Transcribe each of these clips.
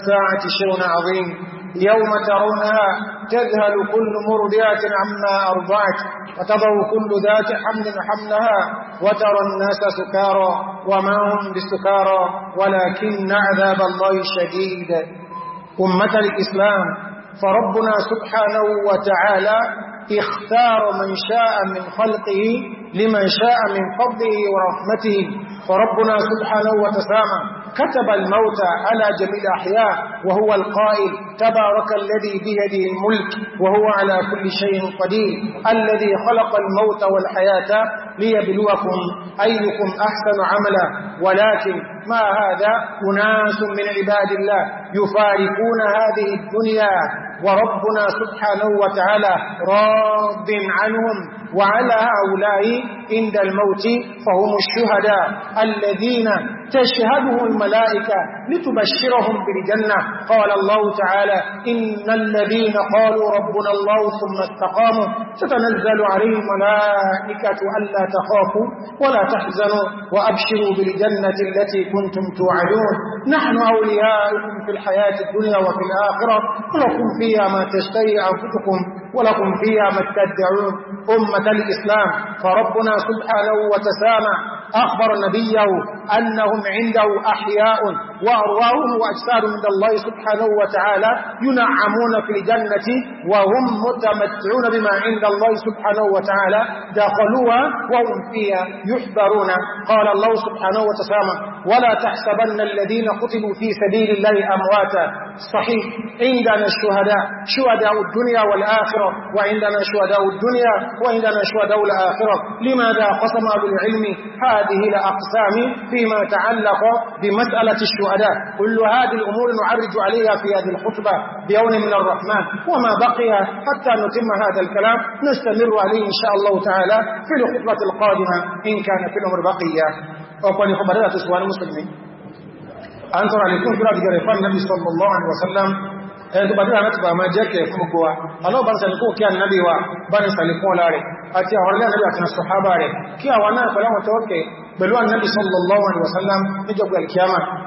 الساعة شيء عظيم يوم ترونها تذهل كل مرضعة عما أرضعت وتضع كل ذات حمل حملها وترى الناس سكارى وما هم بسكارى ولكن عذاب الله شديد أمة الإسلام فربنا سبحانه وتعالى اختار من شاء من خلقه لمن شاء من فضله ورحمته فربنا سبحانه وتسامى كتب الموت على جميع الأحياء وهو القائل تبارك الذي بيده الملك وهو على كل شيء قدير الذي خلق الموت والحياة ليبلوكم أيكم أحسن عملا ولكن ما هذا أناس من عباد الله يفارقون هذه الدنيا وربنا سبحانه وتعالى راض عنهم وعلى هؤلاء عند الموت فهم الشهداء الذين تشهده الملائكة لتبشرهم بالجنة قال الله تعالى إن الذين قالوا ربنا الله ثم استقاموا تتنزل عليهم الملائكة ألا تخافوا ولا تحزنوا وأبشروا بالجنة التي كنتم توعدون نحن أولياؤكم في الحياة الدنيا وفي الآخرة ولكم فيها ما تشتهي أنفسكم ولكم فيها ما تدعون أمة الإسلام فربنا سبحانه وتسامى أخبر نبيه أنهم عنده أحياء وأرواهم وأجساد من الله سبحانه وتعالى ينعمون في الجنة وهم متمتعون بما عند الله سبحانه وتعالى دخلوها وهم فيها يحبرون قال الله سبحانه وتسامى ولا تحسبن الذين قتلوا في سبيل الله أمواتا صحيح عندنا الشهداء شهداء الدنيا والآخرة وعندنا شهداء الدنيا وعندنا شهداء الآخرة لماذا قسم أهل العلم هذه الأقسام فيما تعلق بمسألة الشهداء كل هذه الأمور نعرج عليها في هذه الخطبة بيوم من الرحمن وما بقي حتى نتم هذا الكلام نستمر عليه إن شاء الله تعالى في الخطبة القادمة إن كان في الأمر بقية وقال خبرات تسوان المسلمين an tọ́rọ àlékún fíra ti gẹ̀rẹ̀ fún nabi sallallahu alaihi wasallam ẹni tó bá díra láti bá máa jẹ́kẹ̀ fún gbogbo wa aláwọ̀ bá ń sàlékún kí a nábi wa bá ní sàlékún ọlá rẹ̀ àti àwọn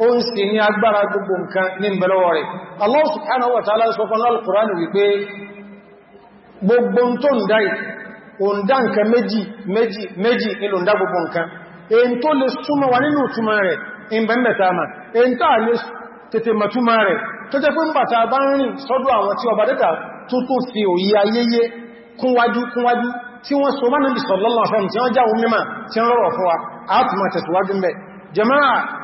ó ń sì ní agbára gbogbo nǹkan ní ìbẹ̀lọ́wọ́ rẹ̀. Allah subhanahu wa ta'ala sọ fún al-Qur'an wípé gbogbo tó ń dáì nǹkan méjì méjì méjì nílò ń dá gbogbo nǹkan èyí tó lè súnmọ́ wa nínú túnmọ́ rẹ̀ ìbẹ̀mẹ̀ta tí tí wọ́n so mánàbì sallallahu tí wọ́n rọrọ̀ fún wa a tún mẹ́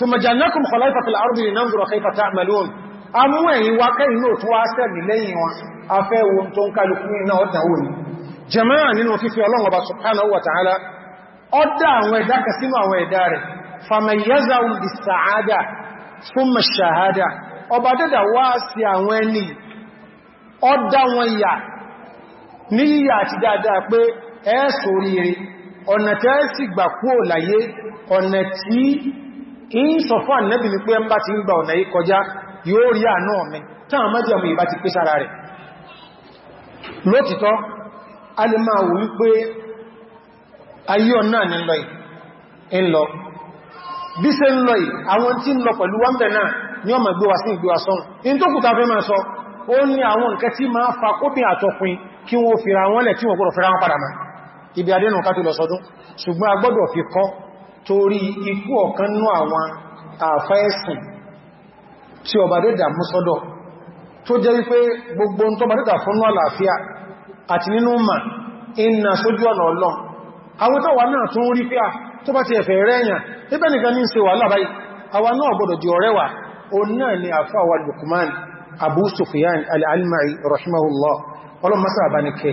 ثم جعلناكم خلائف في الارض لننظر كيف تعملون amu ẹ̀yin wa kẹ́yìn náà tún wá sẹ́bì lẹ́yìn wọn a fẹ́ wọn tó ń kálukú iná ọ̀dá wọn jẹmọ́ràn nínú fífí ọlọ́run ọba subhanahu wa ta'ala ọdá àwọn ẹ̀dá kà sínú àwọn ẹ̀dá ọ̀nà tẹ́ sì gbà kúò láyé ọ̀nà tí in sọ fún ànẹ́bì ní pé ẹn bá ti ń gba ọ̀nà yí kọjá yóò rí àánú ọ̀mẹ́ táwọn mẹ́jẹ̀mù ìbá ti pé sára rẹ̀ lótìtọ́ a lè máa wù wípé ayé ọ̀nà ní lọ ìlọ bí ṣe ń fa kópin àtọkùn kí wọ́n fìra wọn lẹ̀ tí wọ́n gbọ́dọ̀ fìra wọn padà máa ibi adẹ́nà ká tó lọ sọdún ṣùgbọ́n a fi kọ́ torí ikú ọ̀kan nú àwọn àfẹ́ẹ̀sìn tí ọba dẹ́dà mú sọ́dọ̀ tó jẹ́ wípé gbogbo tó bá dẹ́dà fún àlàáfíà àti nínú mà iná sójú ọ̀nà ọlọ́n àwọn tó wà náà tún rí pé à tó bá ti ẹ̀fẹ̀ rẹ̀yàn ibẹ̀ nìkan ní ṣe wà lábáyìí àwa náà gbọdọ̀ di ọ̀rẹ́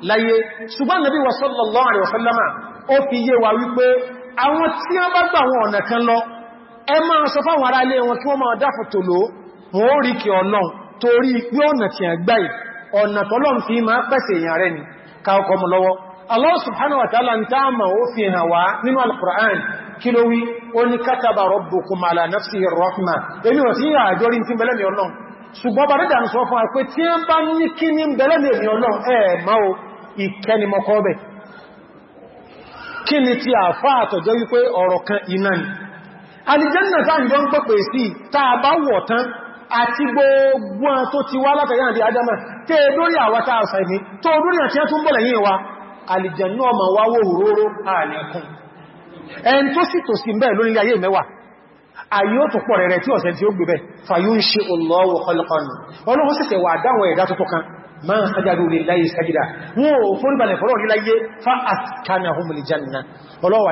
láyé ṣùgbọ́n nàbí wa sallallahu alaihi wasallama ó fi yé wa wípé àwọn tí a bá gbà wọn ọ̀nà kan lọ ẹ máa sọ fáwọn ará ilé wọn kí wọ́n máa dáfò tó lò wọ́n ó rí kí ọlọ́n torí pé ọ̀nà tí a gbáyì ọ̀nà tọ́lọ́n fi máa pèsè èèyàn rẹ̀ ni káàkọ́ ṣùgbọ́n bá rẹ̀dà ń sọ fún àpé tí ń bá ní kí ní bẹ̀lẹ̀ lè ní ọlọ́ ẹ̀ẹ̀má o ìkẹnimọ̀kọ́ bẹ̀ kí ni ti àfá àtọ̀jọ́ wípé ọ̀rọ̀ kan iná ni alìjẹ́nà tá ń jọ ń pẹ̀pẹ̀ sí tàà bá wọ̀ tán àti gbogbo wa alìjẹ́nà ọmọ wáwó òróró àlẹ́kùn ẹn tó sì tò sí mẹ́ lórí ayé mẹ́wàá ayé ó tó pọ̀ rẹ̀rẹ̀ tí ọ̀sẹ̀ tí ó gbé bẹ́ fàyún ṣe olóòwò kọlọ̀kọlù ọlọ́wọ́ sẹ̀sẹ̀ wà dáwọn ẹ̀dá tó tọ́kan ma ń sájádó lè láyé sájídá wọ́n ò fóríbalẹ̀ fọ́rọ̀ ní láyé fa'askanahum li janna ọlọ́wà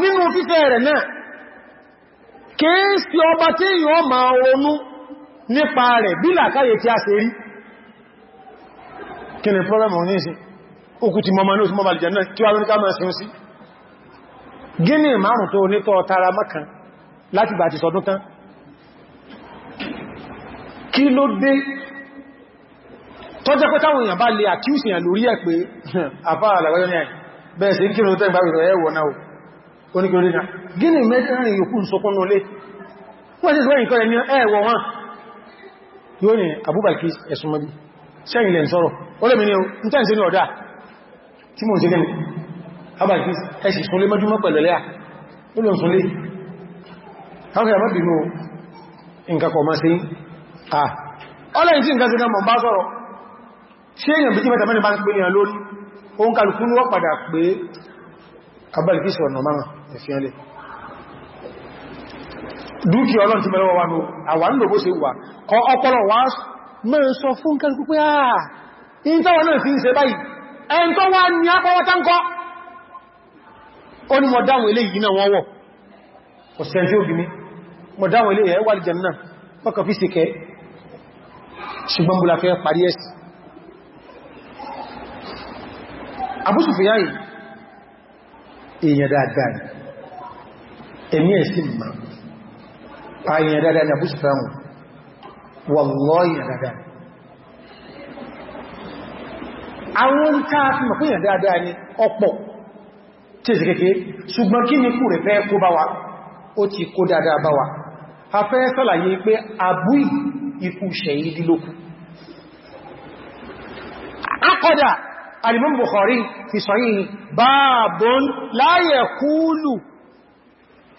nínú fífẹ́ rẹ̀ náà kéèsì ọba tí èyàn máa ronú nípa rẹ̀ bí làkáyè tí a ṣe rí kí ni problem wọn ní ìsìn okù ti mọ́mọ́ ní òsùmọ́bà lìjẹ̀ náà kí wá ní ká máa sin sí gíní márùn tó nítọ́ tara mọ́kàn láti bàtí sọdún tán kí ló dé tọ́jẹ́ pé táwọn èèyàn bá lè àkíyèsí lórí ẹ̀ pé àfáà àlàgbẹ́yọ́ oníkìrí náà gíní mẹ́rin yòókù sọkún lólé wọ́n sí sọ́yìn kọ́rẹ̀ ní ẹ̀wọ̀ wọn yóò ní abúbalkí ẹ̀sùn mọ́bí sẹ́yìn lẹ́ sọ́rọ̀ olómi ní ìtẹ́ǹsẹ́ ní ọ̀dá tí mo jẹ́gẹ́ abúbalkí ẹ̀sì súnlé mọ́júmọ́ pẹ̀lẹ̀lẹ́ Abúbalkí sọ̀nà máa ẹ̀fíẹ́lẹ̀ dúkì ọlọ́n ti mẹ́rọ wa ní àwọn ìlòbó se wà kọ ọpọlọ wá mẹ́rin sọ fún kẹrìkú pé àà ah, in tó wọ́n náà fi ń ṣe báyìí ẹn tó wá ní apọwọ́ta ń kọ́ ó ní mọ̀dáwọn ilé yìí náà wọ́n wọ̀ kò sẹ́ tí ó bí ní mọ̀dáwọn ilé ẹ̀wà dáadáa èmi ẹ̀sì ma ààyàn dáadáa ní àbúsù fẹ́hùn wọ́lọ́yìn dáadáa àwọn ń káà fi mọ̀ fíyàn dáadáa ní ọ̀pọ̀ tí èsì kékeré ṣùgbọ́n kí ní kú rẹ̀ fẹ́ kó bá wa ó ti kó dáadáa bá wa a fẹ́ sọ́làyé pé àbú ikú ṣẹ̀yìdí akọ́dà al Bukhari fi sọ yìí báàbọn láyẹ̀kúlù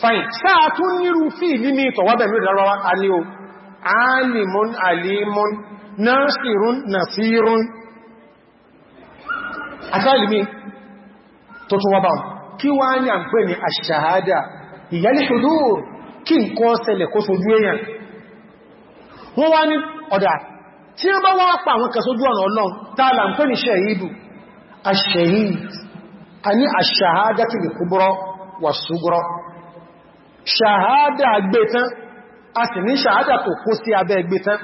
fine sáà tún nírú fíìlì ní ìtọ̀wọ́bẹ̀ ní ìdárọwà alé o alimun alimun nasirun nasirun asáàlìmí tó tún wọ́bá kí wá ní à ń pè ní àṣàhádà ìyẹ́lẹ̀ ṣùdúr kí n kọ́ ṣẹlẹ̀ kó sojú èèyàn wọ́n wá ní ọ̀dà tí ó bá wá pa àwọn kẹsójú ọ̀nà ọlọ́run tààlà ń pè ní ṣẹ̀yìdù àṣẹ̀yìd a ní àṣàhádà tí lè kúbúrọ́ wà ṣúgbúrọ́ ṣàhádà gbẹ̀tán a sì ní ṣàhádà kò kó sí abẹ́ gbẹ̀tán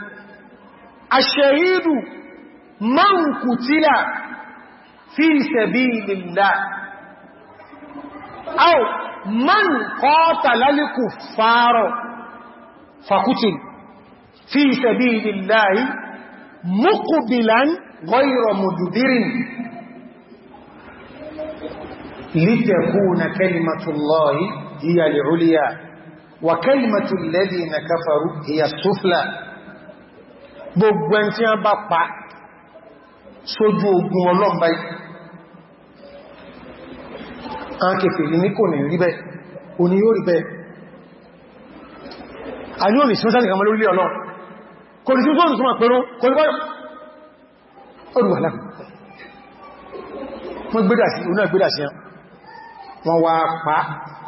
ń kù tílà fi sabilillah aw man qatala lálíkù fàárọ̀ fàkútù fi sabilillah muqbilan ghayra mudbirin litakuna kalimatullahi هي العليا وكلمة الذين كفروا هي السفلى gbogbo ẹn tí wọ́n bá pa sójú ogun ọlọ́mbà yìí a kèfèrè ní kò ní rí bẹ́ òní yóò rí bẹ́ a ní òní sínú sáàtì kàmà lórí ọlọ́ kò ní tí ó tó súnmà pẹ̀lú kò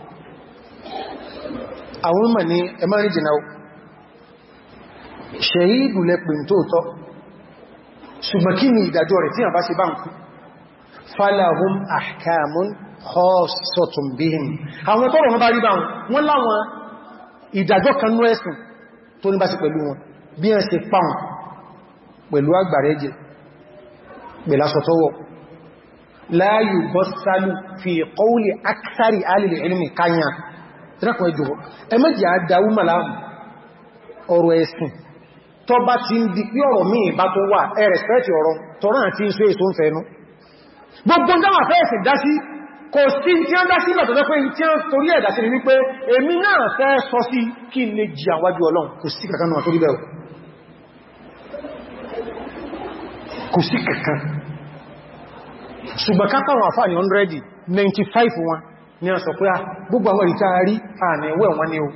àwọn mọ̀ ní ẹmọ́rí jìnà ṣẹ̀hídù lẹ́pẹ̀ tóòtọ́ ṣùgbọ́n kí ni ìdájọ́ rẹ̀ tí a bá ṣe bá ń kú falahum ahkamun khassatun bihim àwọn tọ́rọ wọn bá rí bá wọn láwọn ìdájọ́ kan ní ẹ̀sùn tó ní bá ṣe pẹ̀lú wọn bí ẹ ṣe pàun pẹ̀lú agbàrẹ́jẹ pẹ̀lásọ̀tọ́wọ̀ la yubassalu fi qawli akthari ahli al-ilmi ìrákùn ẹjọ́ ẹmẹ́jì àdáwú màláàmù ọ̀rọ̀ ẹ̀sìn tó bá ti ń di pí ọ̀rọ̀ míì bá tó wà ẹ rẹ̀spẹ̀tì ọ̀rọ̀ tọ́rọ àti iṣẹ́ èso ń fẹ́nu gbogbo dáwà fẹ́ ẹ̀sìn dá sí kò sí tí ó dá sí ìgbà tọ́jọ́ pé tí ó torí ẹ̀dá sí wípé èmi náà fẹ́ sọ sí àfáà ní 100 95 wọn ní ọ̀sọ̀ pé ah, gbogbo àwọn ìta rí àmì ẹ̀wẹ̀ wọn ni o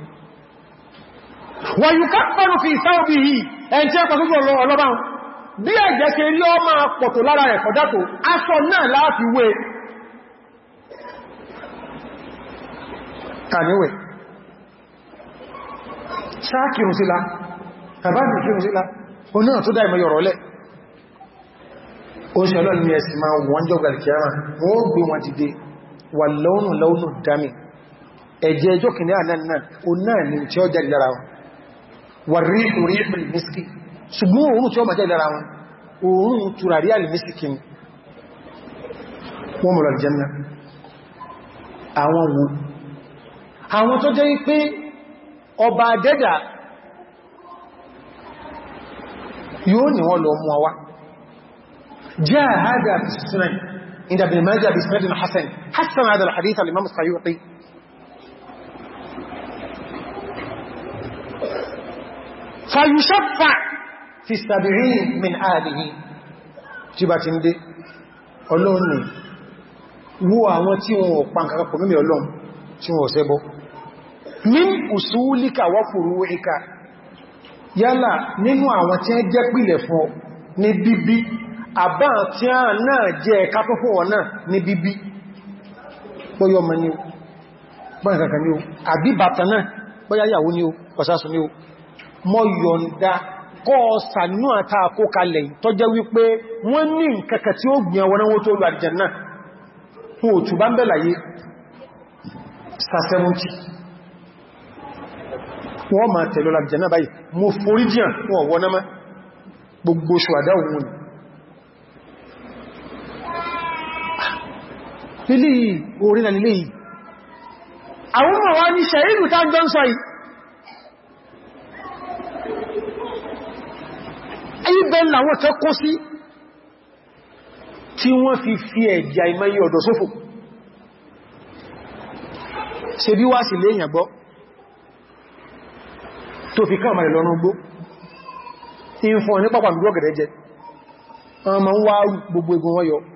wọ́n yìí ká pẹ̀lú fi ìsáwò bí i ẹn tí ẹ pàtó jọ ọlọ́bá bí ẹ̀jẹ́ ṣe rí ọmọ pọ̀tò lára rẹ̀ kọjátò aṣọ náà láti wé kàníwẹ̀ ṣáàkìrùn sílá tàbátì kírùn sílá o náà tó dá ìmọ̀ yọ̀rọ̀ lẹ̀ ó ṣe ọlọ́ni ẹ̀sìn máa wọ́n jọ gàlìkìyàmà wọ́n gbé wọn dìde wà lọ́nù lọ́nù dámi ẹ̀jẹ̀ ẹjọ́ kìí náà náà o náà ni tí ó jáde lára wọn wà rí orí alìmísìkì ṣùgbọ́n òórùn tí ó máa jáde lára wọn òórùn tùràrí alìmísìkì wọ́n mọ̀ lọ́lìjẹ́nà jẹ́ pé ọba dẹ́dà yóò حسن هذا الحديث الإمام السيوطي فيشفع في السبعين من آله جباتين دي ọlọ́run ni wó àwọn tí wọn ò pa nǹkan kan pọ̀ mímẹ̀ ọlọ́run tí wọn ò ṣẹbọ ní usulika wa furuika yálà nínú àwọn tí wọ́n jẹ́ pìlẹ̀ fún ní bíbí àbá tí wọ́n náà jẹ́ ẹ̀ká fún wọn náà ní bíbí bọ́yọ́ ọmọ ni ó bọ́yọ́ kankan ni ó àbí bàtà náà bọ́yá ìyàwó ni ó ọ̀sásùn ni ó mọ́ yọ̀nda kọ́ sànú àta àkókalẹ̀ tó jẹ́ wípé wọ́n ní nǹkankan tí ó gbìyàn wọn wó tó lọ àlìjànnà fún òtù bá ń bẹ̀ náà lílé yìí orí na lílé yìí àwọn ọmọ wọn ni ṣẹ̀rìrù tá gbọ́n sọ yìí ibẹ̀ làwọn tẹ́ kó sí tí wọ́n fi fi ẹ̀jẹ̀ àìmáyé ọ̀dọ̀ sófò ṣe bí wá sí léèyàn gbọ́ tó fi káàmà rẹ̀ lọ́nà gbó ìfọ̀n ní pápá gbogbo ọ̀gẹ̀dẹ̀ ọmọ ń wá gbogbo egun wọ́n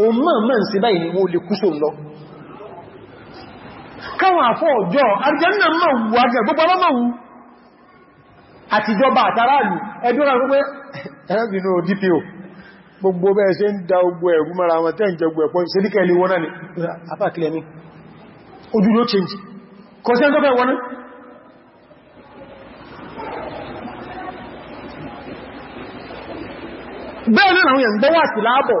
òun máa máa ń ṣe báyìí ni wó lè kúsò lọ káwọn àfọ́ ọjọ́ àrìjẹ́nà máa wù àjẹ́ gbogbo ọmọ wù àtijọba àtàràlù ẹdúnra gbogbo ẹ̀rẹ́bìnú dpo gbogbo bẹ́ẹ̀ ṣe ń da ogbò ẹ̀rú mara wọn tẹ́ ni bẹ́ẹ̀ náà àwọn èèyàn gbọ́wà sí láàbọ̀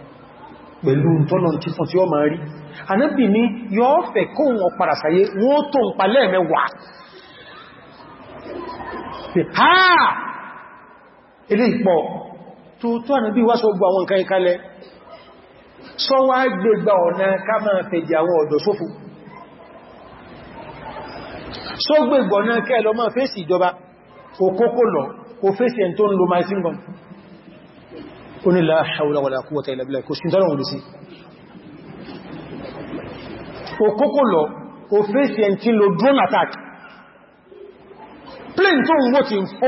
pẹ̀lú tọ́nà títàn tí ó máa rí anábì ní yóò fẹ́ kó wọn padà sáyé wọ́n tó ń palẹ́ mẹ́wàá ha ilé ìpọ̀ tó tó anábì wá sọ́gbọ́ àwọn nǹkan ikalẹ̀ sọ wá gbẹgbà ọ̀nà ká máa fẹ̀jẹ̀ àwọn ọ̀dọ̀ sófò sọ gbẹgbà ọ̀nà kẹ́ lọ máa fèsì ìjọba ó ní la hawla wala quwwata illa billah kò sí tọ́lọ̀ òlùsí òkókò lọ ò fèsì ẹn tí lo drone attack plane tó ń wó ti ń fò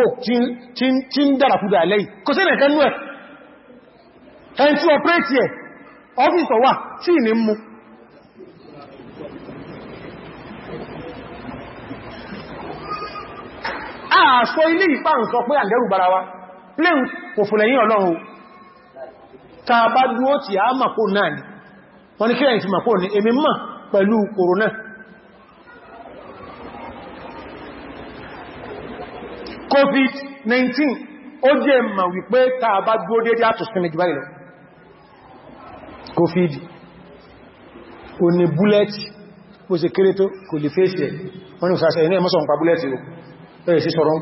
tí ń dára kúdà lẹ́yìn kò sí ẹ̀kẹ́ nú ẹ̀ ẹn tí ọpẹ́ẹ̀tì ẹ̀ àṣọ ilé ìpá ń sọ pé àndẹ́rù bara wa plane kò fò ọlọ́run ta bá dúó tí a màpò náà ni wọ́n ni kíyàn ti màpò ní èmi mọ̀ pẹ̀lú corona covid-19 ó jẹ́ mà wípé ta bá dúó dédé àtùsùn méjì báyìí lọ covid o ni búlẹ́tì ó se kéré tó kò lè fèsì ẹ̀ wọ́n ni òsàṣẹ́ iná ẹmọ́sọ̀ ń pa búlẹ́tì ẹ̀ sí sọ̀rọ̀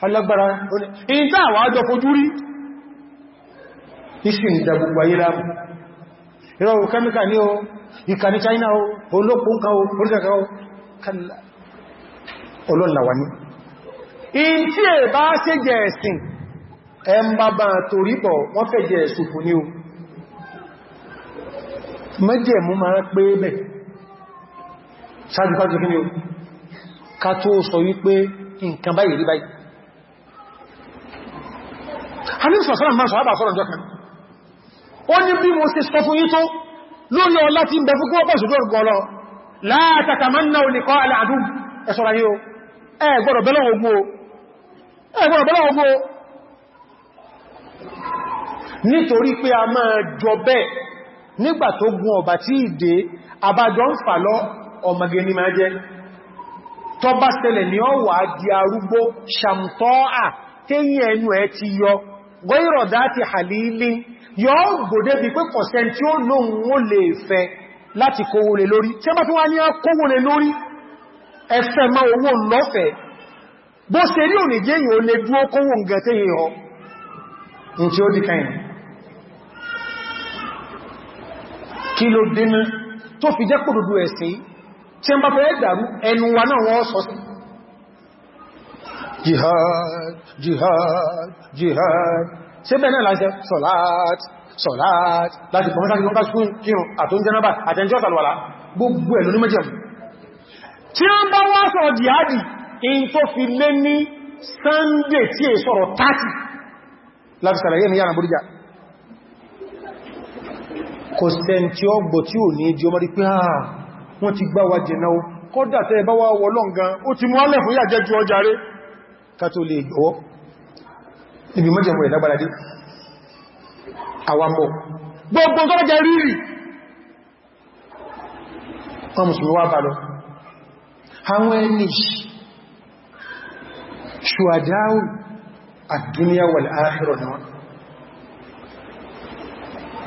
alágbára in tá àwọn àjọ fojú rí isi ń gbogbo ayé láàmù ìrọ̀rùn kẹ́míkà ní o ìkà China o olóòpùn kan o oríkàkà o kàlá ọlọ́làwà ní in tí è bá ṣe jẹ ẹ̀sìn ẹmbàbà torípọ̀ wọ́n fẹ́ jẹ ẹ̀sùfù ní o mẹ́jẹ̀ mú máa pé bẹ̀ hannísọ̀sọ́lá máa sọ̀hábà sọ́rọ̀ jọ kan ó ní bí mo ṣe sọ fún yí tó lórí ọlá tí ń bẹ fún kọ́pọ̀ ìṣòdó ọgbọ̀lọ́ látàkàmánà olùkọ́ aláàdùn ẹ̀ṣọ́ra yíó ẹ gbọ́dọ̀ bẹ́lọ̀ ogbó nítorí pé a máa jọ bẹ́ẹ̀ nígbà tó gun ọ̀bà tí ìdè àbájọ ń fà lọ ọmọge ní máa jẹ́ tọ́bá ṣẹlẹ̀ ní ọwà di arúgbó ṣàmtọ́ à téyí ẹnu ẹ ti yọ gọ́ìrọ̀ dáti halili yóò gbòdé bí pé kọ̀sẹ̀ tí ó lóhun ó lè fẹ́ láti kówó lè lórí tí a bá tún wá ní kówó lè lórí ẹfẹ́ ma owó lọ́fẹ̀ẹ́ bó ṣe rí òní jẹ́ yìí ó dúó kówó ǹgẹ̀tẹ́ yìí jihad jihad jihad ṣe bẹ́ẹ̀ salat, láti sọ̀láàt sọ̀láàt láti pọ̀mọ́sáàkì wọ́n bá ṣkún kírùn àtún jẹ́nàbà àtẹnjẹ́ ọ̀tàlọ́wàlá gbogbo ẹ̀lú ní méjì tí a ń bá wá sọ̀rọ̀ jihadi in tó fi lé ní sunday tí è sọ̀rọ̀ 30 láti sàrẹ̀yẹ́ ní yàrá burújá kò sẹ́ntí ọgbọ̀ tí ò ní jí ọmọ rí pé àà ah, wọ́n ti gbá wa jẹ̀ náà kọ́dà tẹ́ bá wá wọ́lọ́ kátó lè ibi mọ́jẹ̀mù rẹ̀ lágbàládé àwàmọ̀ gbogbo tó mọ́jẹ̀ rírì wọn musulmi wá bá lọ àwọn ẹni ṣùwàdáwù àdúníyà wà láàrọ̀ náà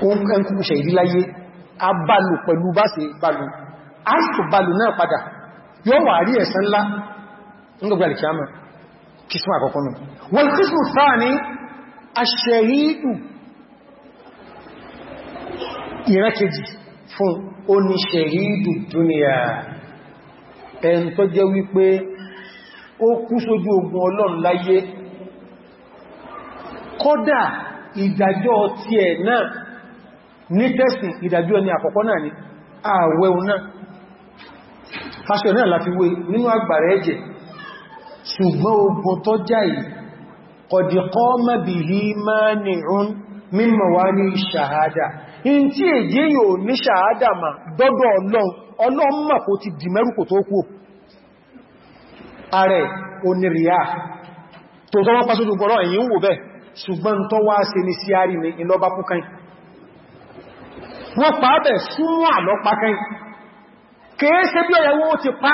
wọ́n kẹ́kùn ṣe ìdíláyé abálò pẹ̀lú bá náà padà yóò wà rí ńlá ń gbogbo alìkíyàmà kìsùn àkọ́kọ́ nù wọ́n kìsùn sáà ní aṣẹ́rídù ìrẹ́kejì fún oníṣẹ̀rídù dúnìyà ẹn tó jẹ́ wípé ó kú sójú ogun ọlọ́run láyé kódà ìdájọ́ ti ẹ̀ náà ní tẹ́sì ìdájọ́ ní àkọ́kọ́ náà ni ààwẹ̀ náà aṣọ náà láfiwé nínú àgbàrẹ̀ ẹ̀jẹ̀ ṣùgbọ́n ogun tó jáì kọ̀dìkọ́ mẹ́bìlì máa ní rún mímọ̀ wá ní ṣàhádà in tí èyí yóò ní ṣàhádà ma dọ́dọ̀ ọlọ́run ọlọ́mà kò ti dìmẹ́rùkò tó kú ààrẹ oníríà tó tọ́wọ́ pásójú gbọ́rọ̀ èyí ń wò bẹ́ ṣùgbọ́n kèése bí ọ̀yẹ̀wó ti pa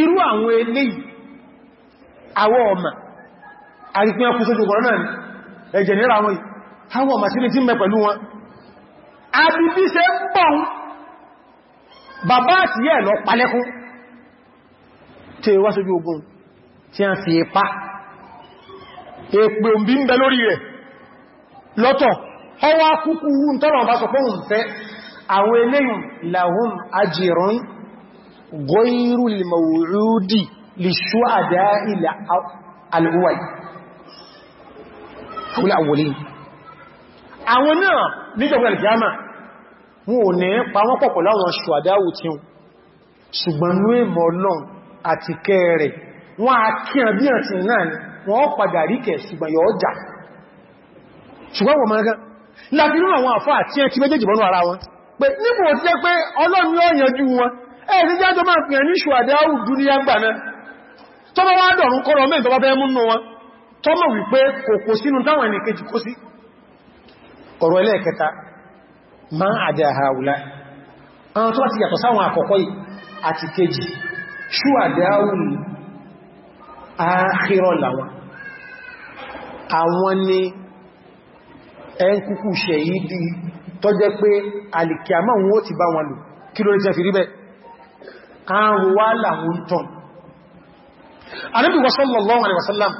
irú àwọn eléyìí àwọ́ ọmọ àrífin ọkùn sójú ọ̀rọ̀ náà ẹ̀jẹ̀ nira wọn àwọn ọmọ sílé tí mẹ́ pẹ̀lú wọn àbíbí ṣe ń pọ̀n bàbá àti yẹ́ lọ palẹ́kún tí wá sójú ogun tí a fi ipá èpè òmbí ń bẹ lórí rẹ̀ lọ́tọ̀ ọwá kúkú ń tọ́rọ̀ bá sọ fóhùn fẹ́ àwọn eléyìn làhún ajìrún غير الموعود للشهداء الأول هو الأولين àwọn náà níjọba ìgbàmà wọn ò ní pa wọ́n pọ̀pọ̀ láwọn ṣùwàdáwò tí wọn ṣùgbọ́n ní ìmọ̀ náà àti kẹrẹ̀ wọ́n a kí àn bí àti náà ni wọ́n padà rí kẹ ṣùgbọ́n yọ ọjà ṣùgbọ́n wọ́n mọ́gán láti nínú ẹ̀sí jẹ́ tó máa pìyàn ní ṣùwàdáwù dúníyà gbà náà tó bá wá dọ̀rún kọ́rọ̀ mẹ́ ìtọ́bá bẹ́ẹ̀ múnú wọn tó mọ̀ wípé kò kò sínú táwọn ẹnìkejì kó sí ọ̀rọ̀ ẹlẹ́ẹ̀kẹta ma àdẹ àhàwùlá tọ́jẹ́ pé ó ti bá wọn lò kí ló kan wá làwọn tọ́n anábì sallallahu alaihi wasallam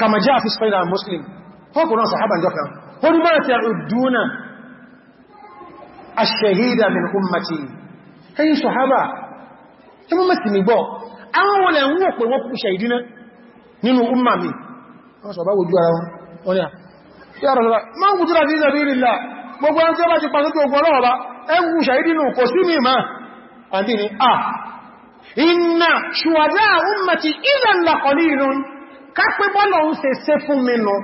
kama jẹ́ àfi sọ́lá muslim fọ́kùnrin sàhábàn jọ kan ó ní máa tẹ̀rù dúnà ash-shahida min ummati ẹ̀yìn sàhábà tí mọ́ mẹ́sì mi gbọ́ àwọn wọlẹ̀ ń wọ́n pè wọ́n kú ṣàìdínà nínú umma mi wọ́n sọ bá wojú ara ẹgbù ṣàídínú kò sí mímá àti ni a inna ṣùwàdá ummati ilan la qalilun kápẹ́ bọ́lọ̀ ń se se fún mínú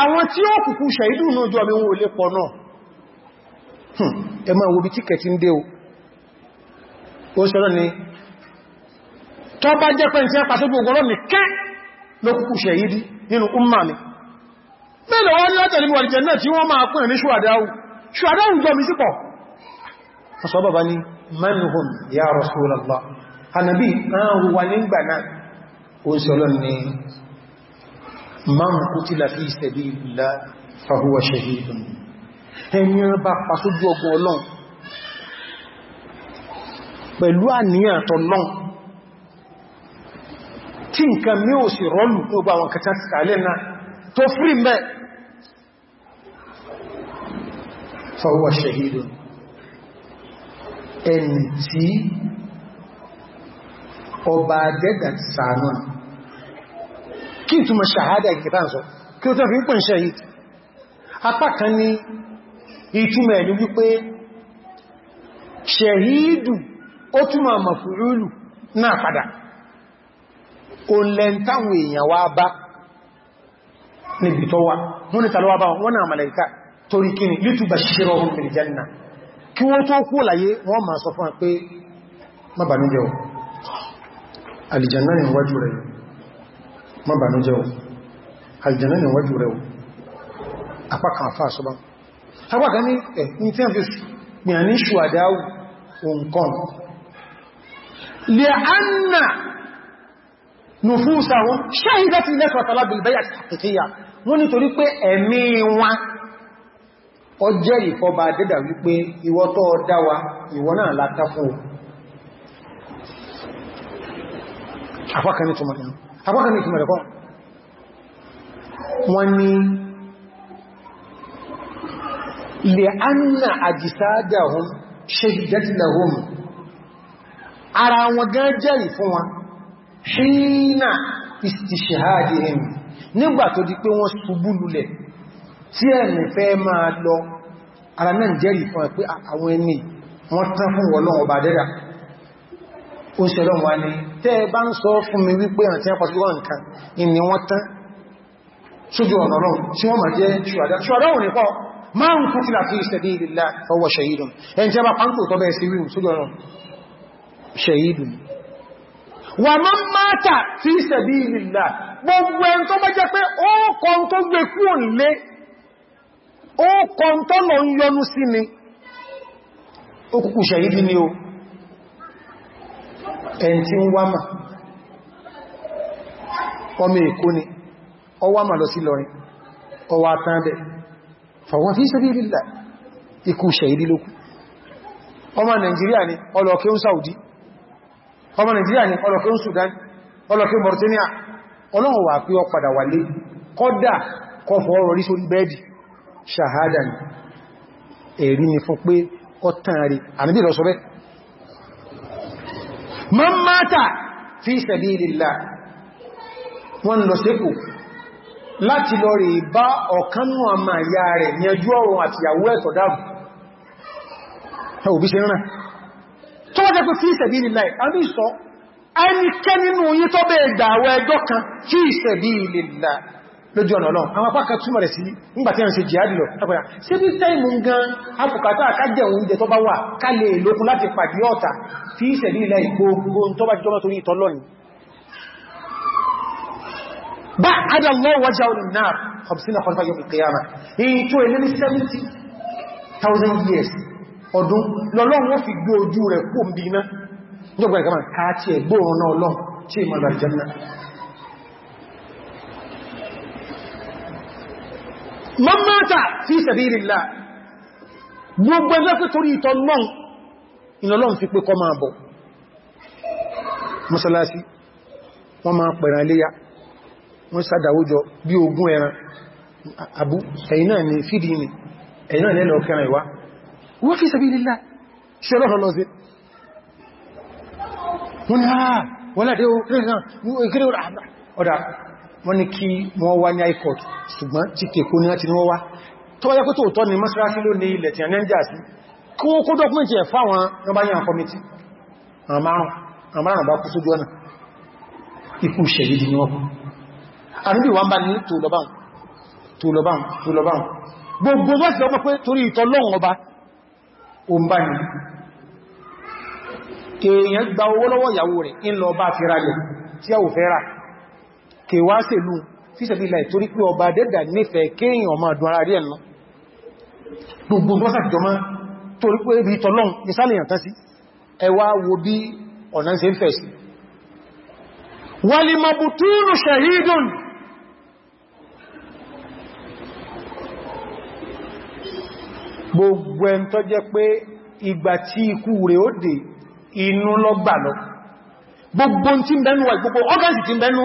àwọn tí ó kùkù ṣàídínú mi o ni a gbogbo nínú umma mi mẹ́lẹ̀ ní ọjọ́ ìlú náà tí wọ́n máa pín ní ṣùwàdáwù ṣùwàdáwù jọ mi sípọ̀ asọ́bàbá ní manhum ya rasulallah hanabi ahùn wà nígbà náà o ń sọ́lọ́ ni man qutila fi sabilillah fahuwa shahidun ẹni bá pàtójú ọgbọ̀n ọlọ́n pẹ̀lú àníyàn tọ́lọ́n tí nǹkan mí ò sì ẹni tí ọba adẹ́gà ti sàánà kí n túnmọ̀ ṣàhádà ìkẹta sọ kí o tẹ́ fi ń pè ń yìí apá wípé ṣẹ̀hídù ó túnmọ̀ o èèyàn wá bá níbi bá wọn náà màláíkà torí kíni lítúbà ṣíṣẹ́rọ̀ náà kí wọ́n tó kú láyé wọ́n máa sọ fún pé má bànújẹ́ alìjànà ni wájú rẹ̀ má bànújẹ́ o alìjànà ni wájú rẹ̀ o apákan àfá àṣọ́bá apákan ní ẹ̀ ní tí a fi gbìyàn ní ṣùwàdáwù òǹkan لأن نفوسهم شهدت لك وطلب البيعة الحقيقية ọjẹ́rì fọba dẹ́dà wípé ìwọ tó dáwa ìwọ náà látá fún àpákaní túnmọ̀ ẹ̀kọ́ wọ́n ni lè anna àjísáájá hun ṣe jẹ́tìlá hun ara wọn gan jẹ́rì fún wọn ṣína istishahadihim nígbà tó di pé wọ́n ṣubú lulẹ̀ tí ẹ̀mì fẹ́ máa lọ ara náà jẹ́rì fún ẹ̀ pé àwọn ẹni wọ́n tán fún wọ́n lọ́wọ́ bá dẹ́dà ó ṣe lọ́wọ́ wá ní tẹ́ ẹ bá ń sọ fún mi wípé àti àpàtíwọ́n nǹkan ni wọ́n tán sójú tí wọ́n máa jẹ́ fi sabilillah fahuwa shahidun ẹni tí a bá pàǹtò tọ́ bẹ́ẹ̀ sí rí fi sabilillah gbogbo ẹni tó bá jẹ́ pé ó kọ́ tó gbé kúrò nílé ó kọntọ́nà ń yọnú sí mi ó kúkù ṣàyídí ni ó ẹn tí ń wámà ọmọ èkó ni ọ wámà lọ sí lọrin ọwà tánbẹ̀ fọwọ́n fi sabilillah ikú ṣàyídí lókù ọmọ Nàìjíríà ni ọlọ́kẹ́ ń Saudi ọmọ Nàìjíríà ni ọlọ́kẹ́ ń Sudan ọlọ́kẹ́ Mauritania ọlọ́run wà pé ọ padà wà lé kọ́dà kọfọ́ ọ̀rọ̀ rí sórí bẹ́ẹ̀dì ṣàhádà ni ẹ̀rí ni fún pé ọ̀tàn rí àníbí lọ sọ bẹ́ man mata fi sabilillah wọ́n lọ sípò láti lọ rí bá ọ̀kanú àmà ìyá rẹ̀ ní ẹjú ọ̀run àti ìyàwó ẹ̀tọ̀ dáàbù ẹwò bí ṣe rán tó nínú yí tó bẹ́ẹ̀ àwọ ẹjọ́ kan fi sabilillah lójú ọ̀nà náà àwọn apá kan túnmọ̀ rẹ̀ sí nígbàtí ẹ̀rìn ṣe jihadi lọ ẹ̀kọ́yà sí bí tẹ́ìmù gan apùkàtà àkájẹ̀ oúnjẹ tó bá wà ká lè lókun láti pàdé ọ̀tá fi ìṣẹ̀lẹ̀ ilẹ̀ ìgbogbo tó bá jọmọ́ torí ìtọ́lọ́ni bá adàlọ́ wájá orin náà kọ̀bsínà kọlfà yóò kìyàmà èyí tó ilé ní 70,000 years ọdún lọ́lọ́run wọ́n fi gbé ojú rẹ̀ kó ń bí iná nígbàgbàmà káàkiri gbóòrùn náà lọ́ man mata fi sabilillah gbogbo ẹgbẹ́ pé torí ìtọ́ náà ìlọ́lọ́n fi pé kọ máa bọ̀ mọ́sálásí wọ́n máa pẹ̀ràn léyá wọ́n sádàwójọ bí ogún ẹran àbú ẹ̀yìn náà ni fídí ni ẹ̀yìn náà lẹ́lọ kẹran ìwá wọ́n fi sabilillah ṣẹ́rọ̀ lọ sí wọ́n wọ́n ní kí wọ́n wá ní high-court ṣùgbọ́n tí kèkó ní láti wọ́n wá tó wáyé kó tó tọ́ ni mọ́sálásí ló ní ilẹ̀ tí a nẹ́jà sí kí wọ́n kó dọ́kúnmẹ̀tì ẹ̀ fáwọn nọ́báyàn kọmítì àmárùn-ún bá kú sójú ọ̀nà ikú ṣẹ̀yìdì ni wọ́n tí a ò fẹ́ rà kèwàá sèlú fíṣẹ̀bílà ìtorí pé ọba dẹ́dà nífẹ̀ẹ́ kéèyàn ọmọ àdùn ara rí ẹ̀nà gbogbo mọ́sàtìjọmọ́ torí pé ibi tọ́lọ́n ìsàlẹ̀yàn tán sí ẹwà wo bí ọ̀nà ṣe ń fẹ̀ sí walimabutúrù shahidun gbogbo ẹn tó jẹ́ pé ìgbà tí ikú rẹ̀ ó dé inú lọ gbà lọ gbogbo tí ń bẹnu wà gbogbo ọgáǹsì tí ń bẹnu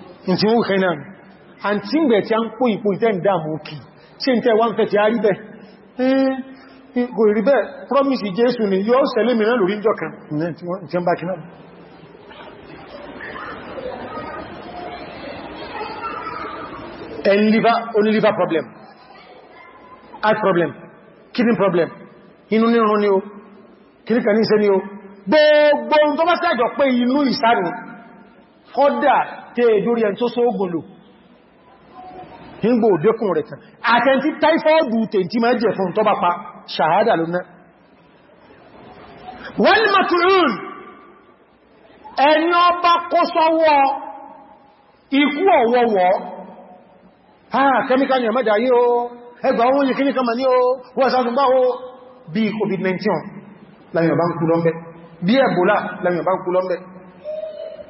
tí wọ́n kẹ́ náà àti ń bẹ̀ tí a ń pò ìpò ìtẹ́ ìdáàmù òkè ṣe ń tẹ́ wá ń fẹ́ ti a rí bẹ́ kò rí bẹ́ promise Jésù ni yóò sẹ̀lé mìíràn lórí ìjọ kan tí wọ́n bá kí náà ẹni liver only liver problem heart problem kidney problem inú nírun ni o kìríkà ní ìṣẹ́ ni o gbogbo ohun tó bá sáàjọ pé inú ìsáàrin kọ́dà tẹ́ èdórí ẹni tó sóògùn lò nígbò òdékùn rẹ̀ tàn àtẹ́ntí táífọ́ọ̀dù tèntí máa jẹ fún tó bá pa ṣàhádà lónà wal mat'un ẹni ọba kó sọ́wọ́ ikú ọ̀wọ̀wọ̀ ha kẹ́míkà ní ọmọdé ayé o ẹgbà owó yìí kíníkà bí covid-19 láyìn ọba ń kú lọ́mbẹ̀ bí ẹ̀bùlá láyìn ọba ń kú lọ́mbẹ̀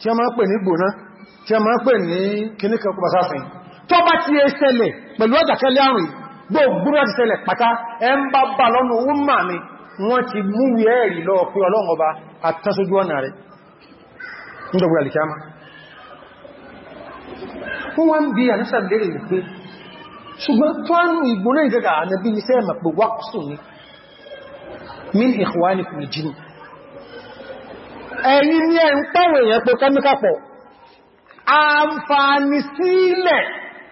tí a máa pè ní gbóná tí a máa pè ní kíníkan kó basáfin tó bá ti é ṣẹlẹ̀ pẹ̀lú ọjàkẹ́lẹ̀ àrùn gbogbo ti ṣẹlẹ̀ pátá ẹ ń bá bà lọ́nà owó mà ní wọ́n ti mú ẹ̀rí lọ pé ọlọ́run ọba àtàsójú ọ̀nà rẹ̀ nítorí alìkíámá fún wọ́n bí àníṣà lérè wípé ṣùgbọ́n tọ́nù ìgbóná ìgẹ́gà ànàbí ní sẹ́ẹ̀mà pé wákùsùn ní min ìkwánikùn jini ẹ̀yìn ní ẹ̀ ń pẹ̀wẹ̀ èèyàn pé kẹ́míkà pọ̀ àǹfààní sílẹ̀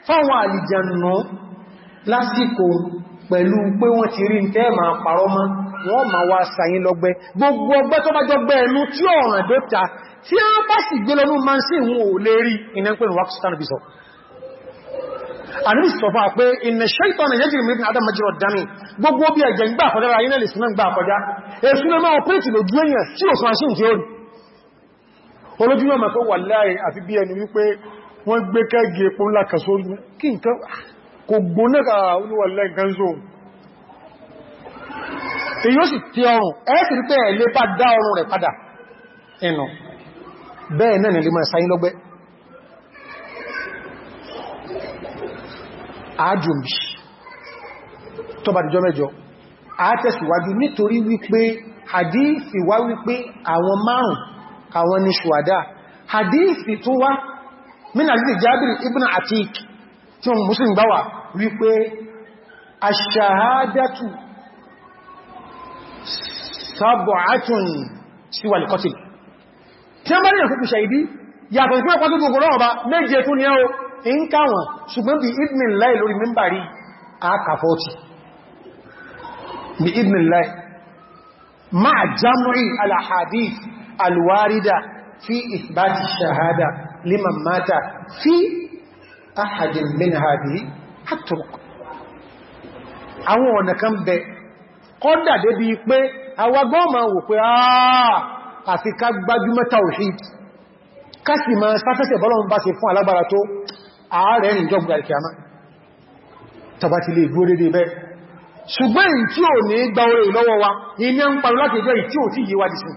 fáwọn àlìjànà lásìkò pẹ̀lú pé wọ́n ti rí tẹ́ ma parọ́ mọ́ wọ́n ma wá sàyín lọ́gbẹ́ gbogbo ọgbẹ́ tó bá jọgbẹ́ ẹnu tí ọ̀ràn dóta tí a bá sì gbé lọ́nú ma ń sí ìwọ̀n ò lè rí iná pẹ̀lú wákùsítánù bí sọ àrírí dání gbogbo bí ẹ̀jẹ̀ ń gbà àkọjá ayínẹ̀lì sí mẹ́ ń gbà àkọjá èsúnlẹ́mọ́ ọpẹ́tì lójú èèyàn tí ò sọ àṣíǹtì orí olójúmọ̀ mọ̀ tó wà láàrin àti bí ẹni wípé wọ́n gbé kẹ́gì epo ńlá kan sórí kí nǹkan kò gbóná ka olúwà láì kan só èyí ó sì tí ọrùn ẹ́ẹ̀sì rí pé ẹ̀lẹ́ bá dá ọrùn rẹ̀ padà ẹnu bẹ́ẹ̀ náà nílé máa sáyín lọ́gbẹ́ àájòmí tó dìjọ mẹ́jọ àátẹ̀síwájú nítorí wípé hadisi wá wípé àwọn márùn-ún àwọn ni ṣùwádá hadithi tó wá min àti jábìrì ibn atik tí wọn musulun bá wà wípé aṣàhádátù sábọ̀átùn síwà lẹ́kọ́tì tí wọ́n bá ní ọ̀kùnkùn ṣàìdí yàtọ̀ ìpínlẹ̀ pàtó gbogbo náà bá méje tún ní ẹ́ o in káwọn ṣùgbọ́n bí idmin láì lórí mímbàrí àkàfọ́tì bí idmin láì máa jámùrí alàhàdìí alwárídà fi ìsbáti ṣàhádà liman mata fi ahadin min hadi hatruk àwọn ọ̀nà kan bẹ kọ́dà débi pé awagbọ́n ma wò pé ah, àti ká gbájúmọ́ tawhid kásì ma sáfẹ́sẹ̀ bọ́lọ́n bá ṣe fún alágbára tó ààrẹ ìjọ gbogbo alkiyama tàbá ti lè gbó dédé bẹ́ ṣùgbọ́n tí ò ní gba orí lọ́wọ́ wa iná ń parọ́ láti ẹjọ́ tí ò tí yíwa dìsìn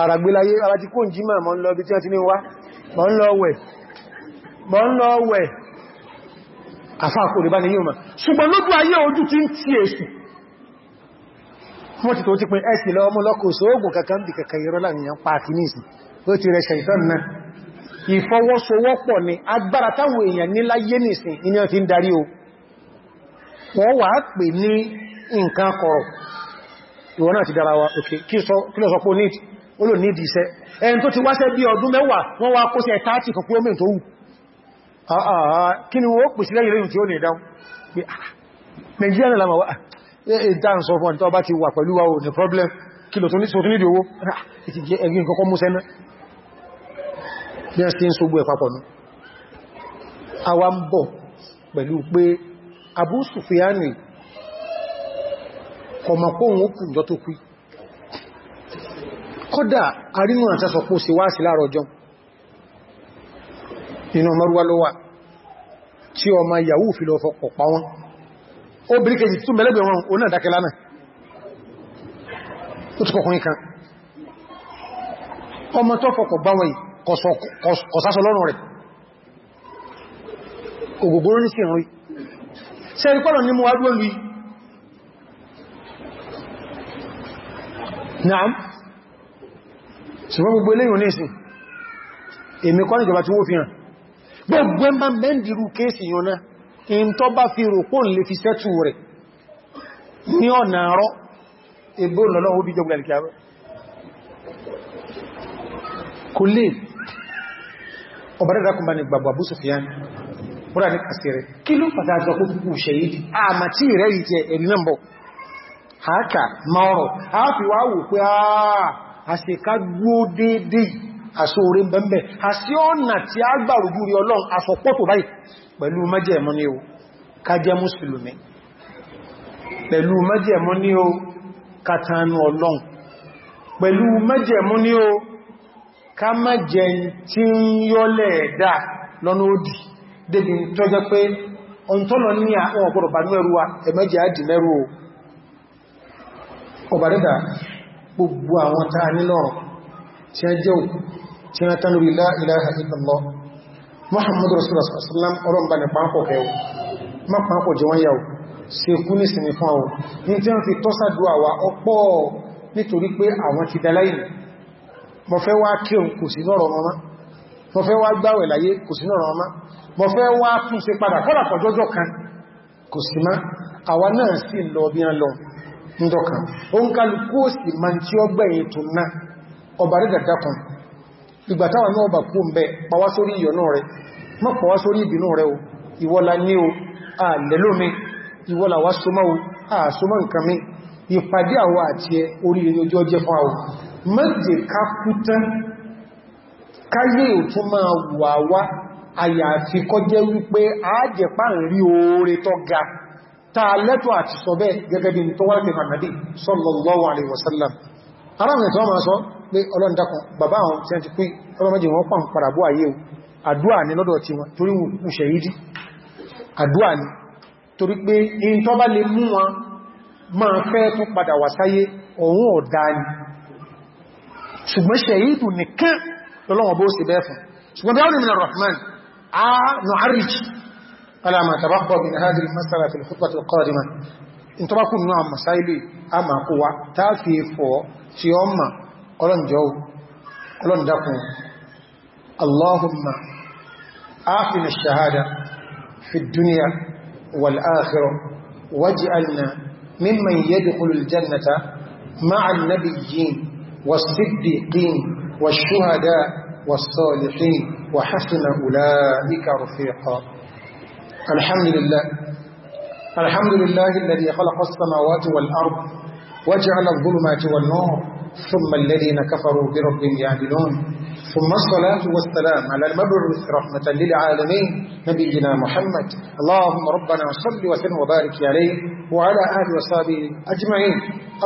àràgbélayé ara ti kún jímà mọ́ ń lọ bí tí wọ́n ti ní wá mọ́ ń lọ wẹ̀ mọ́ ń lọ wẹ̀ àfáàkò rẹ̀ bá ní yíò ma ṣùgbọ́n lójú ayé ojú tí ń tí èṣù wọ́n ti tó ti pín ẹ̀sì lọ ọmọ lọ́kọ̀ òṣòógùn kankan bí kankan ìrọ́ olò ní ìdíṣẹ́ ẹni tó ti wáṣẹ́ bí ọdún mẹ́wàá wọ́n wá kó sẹ tààtì kọkú omi tó wù ah, ah, ah, kí ni wọ́n pèsè lẹ́yìn lẹ́yìn tí ó lè dáun pé Nigeria náà lámà wá ìdáǹsọ fún ọ̀tọ́ bá ti wà pẹ̀lú wa ò ní problem kí lò tó ní ìdí owó ìtì jẹ ẹgbẹ́ kọ́kọ́ mú sẹ́nà bí wọ́n ti ń sógbó ẹ̀pàpọ̀ nù àwa ń bọ̀ pẹ̀lú pé Abu Sufyan kọmọkóhun ó kùnjọ tó kú kódà arínú àtàsọ̀pọ̀ sí wá sí láàrọ̀ ọjọ́ inú ọmọrúwá lọ́wà tí ọmọ yahoo fi lọ fọ́pọ̀ pa wọn ó bí kejì tún bẹ̀lẹ́gbẹ̀ wọn ó náà dákẹ́ lánà ó ti kọkùnrin kan ọmọ tó fọ́pọ̀ bá wọn kọ̀sásọ lọ́rùn rẹ̀ ògògóró ní Naam ṣùgbọ́n gbogbo eléyìn oníṣìn èmi kọ́ níjọba tí wó fi hàn gbogbo ẹmbà mẹ́ndìrú kéèsì yọna in tó bá fi ròpó lè fi sẹ́tù rẹ̀ ní ọ̀nà àárọ̀ ebó lọ́lọ́ kí ló pàtà àjọ kó kúkú ṣe yìí àmà tí rẹ̀ yìí jẹ ẹ̀rí náà bọ̀ haka maọ̀rọ̀ a fi wá wò pé àà àṣẹ́ká gbó dédé àṣóorí bẹ̀m̀bẹ̀ àṣí ọ̀nà tí a gbàrùjú rí ọlọ́run àṣọpọ̀tò báyìí pẹ̀lú májẹ̀mú ni o ká ni o ká ọlọ́run pẹ̀lú ni o ká má tí ń yọ́lẹ̀ ẹ̀dá lọ́nà gbogbo àwọn ta nílọ́rọ̀ tí a jẹ́ tí a tánú la ilaha illallah muhammadu rasulullah sallam ọ̀rọ̀ bá ní pàápọ̀ kẹwọ́ ma pàápọ̀ jẹ wọ́n yàwó sí kú ní sinmi fún àwọ̀ ní tí wọ́n fi tọ́sàdù àwà ọpọ́ nítorí pé àwọn ti daláyìn mo fẹ́ wá kírun kò sí lọ́rọ̀ mọ́má mo fẹ́ wá gbáwẹ̀ láyé kò sí lọ́rọ̀ lọ bí wọ́n lọ ndọka o ń kálukú òsì ma tí ó gbẹ̀ ètò náà ọba rí dàdákan ìgbàtàwà náà bà kú mbẹ pàwá sórí ìyọnú rẹ má pàwá sórí rẹ o ìwọ́la ní o àlẹ́lómi ìwọ́la wá súnmọ́ o àsúnmọ́ nǹkan tààlẹ́tọ̀ àti sọ̀bẹ́ gẹ́gẹ́ bí tó wá ní Muhammad sallallahu alaihi wasallam ara mẹ́ta wọ́n máa sọ pé ọlọ́ndakùn bàbá àwọn tí a ti pín ọlọ́mọ́jì wọ́n pàm parabó ayé o àdúà ní lọ́dọ̀ tí wọn torí mú على ما تبقى من هذه المسألة في الخطبة القادمة إن تبقى من المسائل أما قوة تافيف سيوم قلن جو قلن دقون اللهم آفنا الشهادة في الدنيا والآخرة واجعلنا ممن يدخل الجنة مع النبيين والصديقين والشهداء والصالحين وحسن أولئك رفيقا الحمد لله الحمد لله الذي خلق السماوات والأرض وجعل الظلمات والنور ثم الذين كفروا بربهم يعدلون ثم الصلاة والسلام على المبعوث رحمة للعالمين نبينا محمد اللهم ربنا صل وسلم وبارك عليه وعلى آله وصحبه أجمعين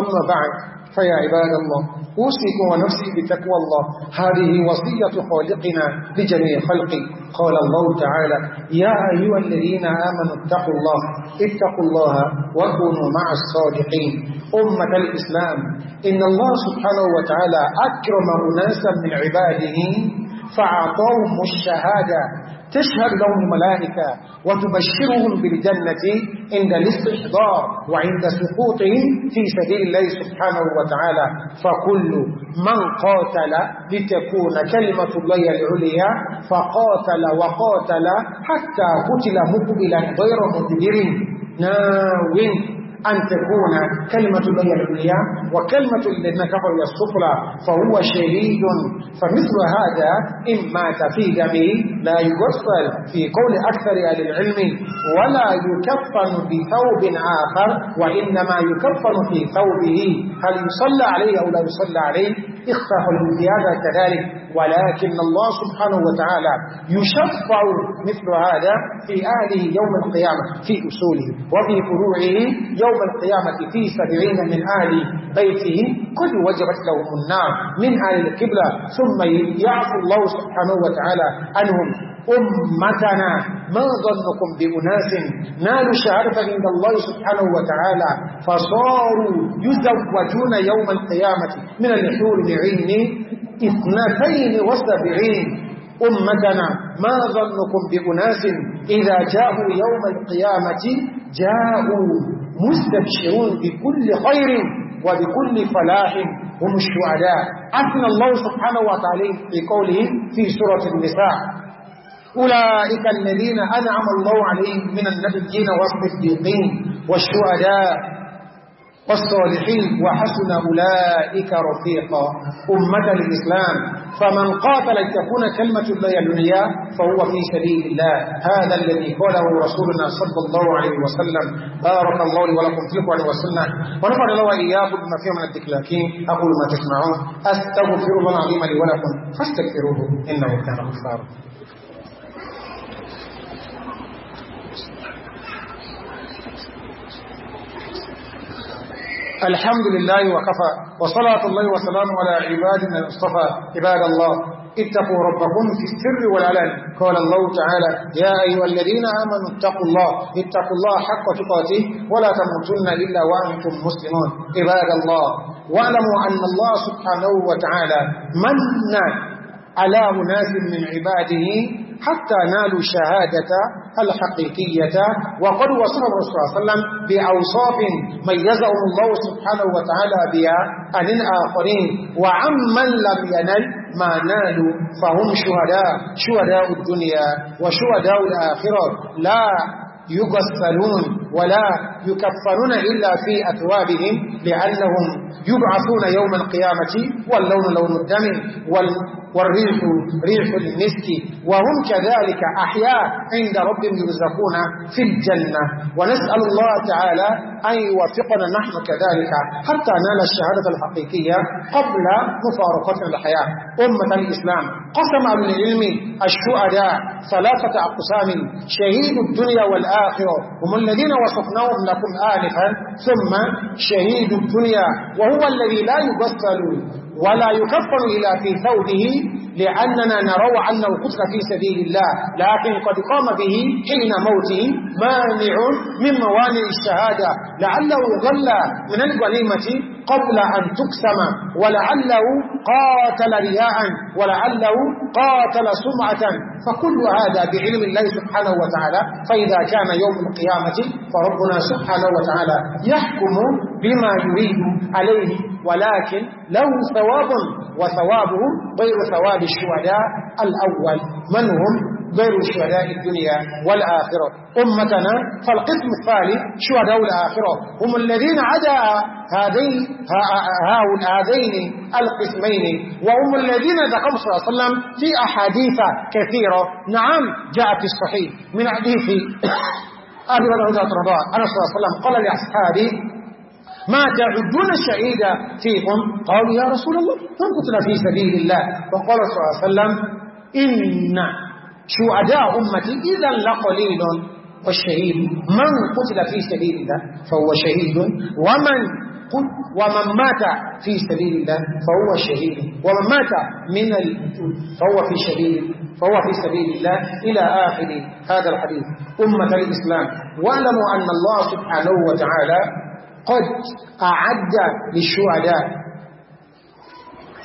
أما بعد فيا عباد الله أوصيكم ونفسي بتقوى الله هذه وصية خالقنا لجميع خلقه قال الله تعالى يا أيها الذين آمنوا اتقوا الله اتقوا الله وكونوا مع الصادقين أمة الإسلام إن الله سبحانه وتعالى أكرم أناسا من عباده فأعطاهم الشهادة تشهد لهم الملائكة وتبشرهم بالجنة عند الاستحضار وعند سقوطهم في سبيل الله سبحانه وتعالى فكل من قاتل لتكون كلمة الله العليا فقاتل وقاتل حتى قتل مقبلا غير مدبر ناو أن تكون كلمة الله العليا وكلمة الذين كفروا السفلى فهو شهيد فمثل هذا إن مات في دمي لا يغسل في قول أكثر أهل العلم ولا يكفن بثوب آخر وإنما يكفن في ثوبه هل يصلى عليه أو لا يصلى عليه اخفاء الزيادة كذلك ولكن الله سبحانه وتعالى يشفع مثل هذا في أهله يوم القيامة في أصوله وفي فروعه يوم القيامة في سبعين من أهل بيته كل وجبت لهم النار من أهل الكبلة ثم يعفو الله سبحانه وتعالى عنهم أمتنا ما ظنكم بأناس نالوا شهادة عند الله سبحانه وتعالى فصاروا يزوجون يوم القيامة من الحور علمي اثنتين وسبعين أمتنا ما ظنكم بأناس إذا جاءوا يوم القيامة جاءوا مستبشرون بكل خير وبكل فلاح هم الشهداء أثنى الله سبحانه وتعالى في قوله في سورة النساء أولئك الذين أنعم الله عليهم من النبيين والصديقين والشهداء والصالحين وحسن أولئك رفيقا أمة الإسلام فمن قاتل تكون كلمة الله الدنيا فهو في سبيل الله هذا الذي قاله رسولنا صلى الله عليه وسلم بارك الله لي ولكم فيكم عليه وسلم ونفعل الله وإياكم بما فيه من التكلاكين أقول ما تسمعون أستغفر الله العظيم لي ولكم فاستغفروه إنه كان غفارا الحمد لله وكفى وصلاة الله وسلامه على عبادنا المصطفى عباد الله اتقوا ربكم في السر والعلن قال الله تعالى يا أيها الذين آمنوا اتقوا الله اتقوا الله حق تقاته ولا تموتن إلا وأنتم مسلمون عباد الله واعلموا أن الله سبحانه وتعالى من على أناس من عباده حتى نالوا الشهادة الحقيقية وقد وصل الرسول صلى الله عليه وسلم بأوصاف ميزهم الله سبحانه وتعالى بها عن الآخرين وعمن لم ينل ما نالوا فهم شهداء شهداء الدنيا وشهداء الآخرة لا يغسلون ولا يكفرون إلا في أثوابهم لأنهم يبعثون يوم القيامة واللون لون الدم وال والريح ريح المسك وهم كذلك أحياء عند ربهم يرزقون في الجنة ونسأل الله تعالى أن يوفقنا نحن كذلك حتى نال الشهادة الحقيقية قبل مفارقتنا الحياة أمة الإسلام قسم أهل العلم الشهداء ثلاثة أقسام شهيد الدنيا والآخرة هم الذين وصفناهم لكم آنفا ثم شهيد الدنيا وهو الذي لا يبصل ولا يكفر إلا في ثوبه لأننا نروا أنه القتل في سبيل الله لكن قد قام به حين موته مانع من موانع الشهادة لعله ظل من الغنيمة قبل أن تقسم ولعله قاتل رياء ولعله قاتل سمعة فكل هذا بعلم الله سبحانه وتعالى فإذا كان يوم القيامة فربنا سبحانه وتعالى يحكم بما يريد عليه ولكن له ثواب وثوابه غير ثواب الشهداء الأول من هم غير شهداء الدنيا والآخرة أمتنا فالقسم الثالث شهداء الآخرة هم الذين عدا هذين هذين القسمين وهم الذين ذكروا صلى الله عليه وسلم في أحاديث كثيرة نعم جاء في الصحيح من حديث أبي بن عزة رضاء أنا صلى الله عليه وسلم قال لأصحابي ما تعدون الشهيد فيكم قالوا يا رسول الله من قتل في سبيل الله وقال صلى الله عليه وسلم إن شهداء أمتي إذا لقليل والشهيد من قتل في سبيل الله فهو شهيد ومن ومن مات في سبيل الله فهو شهيد ومن مات من فهو في شهيد فهو في سبيل الله إلى آخر هذا الحديث أمة الإسلام واعلموا أن الله سبحانه وتعالى قد أعد للشهداء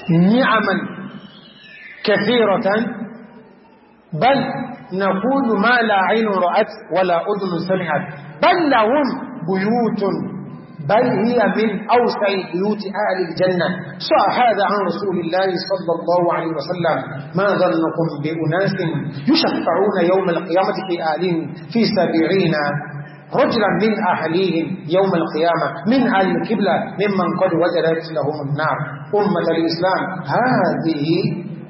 نعما كثيرة بل نقول ما لا عين رأت ولا أذن سمعت بل لهم بيوت بل هي من أوسع بيوت أهل الجنة سوى هذا عن رسول الله صلى الله عليه وسلم ما ظنكم بأناس يشفعون يوم القيامة في أهلهم في سبعين رجلا من أهليهم يوم القيامة من أهل الكبلة ممن قد وجدت لهم النار أمة الإسلام هذه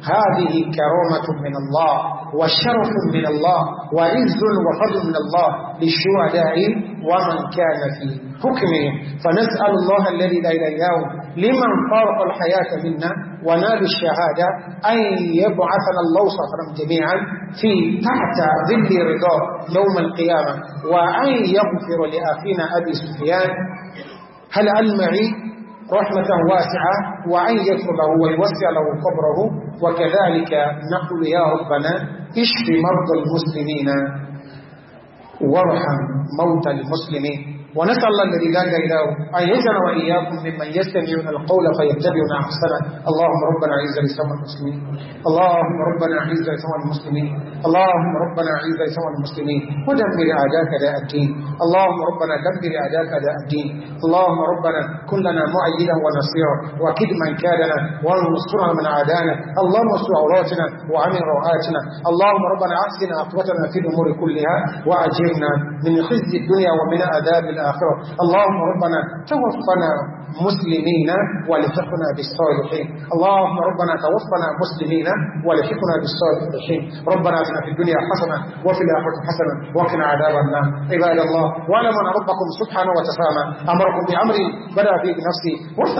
هذه كرامة من الله وشرف من الله وعز وفضل من الله للشهداء ومن كان في حكمه فنسأل الله الذي لا إله إلا لمن فارق الحياة منا ونال الشهادة أن يبعثنا الله صفرا جميعا في تحت ظل رضا يوم القيامة وأن يغفر لأخينا أبي سفيان هل ألمعي رحمة واسعة وأن يدخله ويوسع له قبره وكذلك نقول يا ربنا اشف مرضى المسلمين وارحم موتى المسلمين ونسأل الله الذي لا اله الا هو أن يجعل وإياكم ممن يستمعون القول فيتبعون أحسنه اللهم ربنا أعز الإسلام والمسلمين اللهم ربنا أعز الإسلام والمسلمين اللهم ربنا أعز الإسلام والمسلمين ودمر أعداءك أداء الدين اللهم ربنا دمر أعداءك أداء الدين اللهم ربنا كن لنا معينا ونصيرا وأكيد من كادنا وانصرنا من عادانا اللهم استر عوراتنا وعمر روعاتنا اللهم ربنا أحسن عقبتنا في الأمور كلها وأجرنا من خزي الدنيا ومن عذاب الآخرة اللهم ربنا توفنا مسلمين ولحقنا بالصالحين اللهم ربنا توفنا مسلمين ولحقنا بالصالحين ربنا اتنا في الدنيا حسنة وفي الآخرة حسنة وقنا عذاب النار عباد الله واعلم ان ربكم سبحانه وتعالى أمركم بأمر بدأ به بنفسه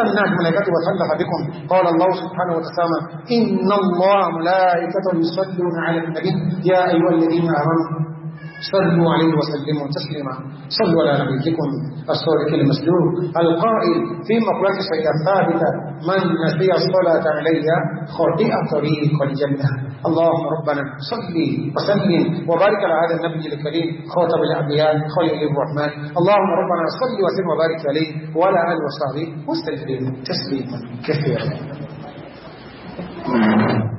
الناس ملائكته وسلف بكم قال الله سبحانه وتعالى إن الله ملائكته يصلون على النبي يا أيها الذين آمنوا صلوا عليه وسلموا تسليما صلوا على نبيكم الصالح المسلوب القائل في مقولة صحيحة ثابتة من نسي الصلاة علي خطئ طريق الجنة اللهم ربنا صل وسلم وبارك على هذا النبي الكريم خاتم الأنبياء خليل الرحمن اللهم ربنا صل وسلم وبارك عليه وعلى آله وصحبه وسلم تسليما كثيرا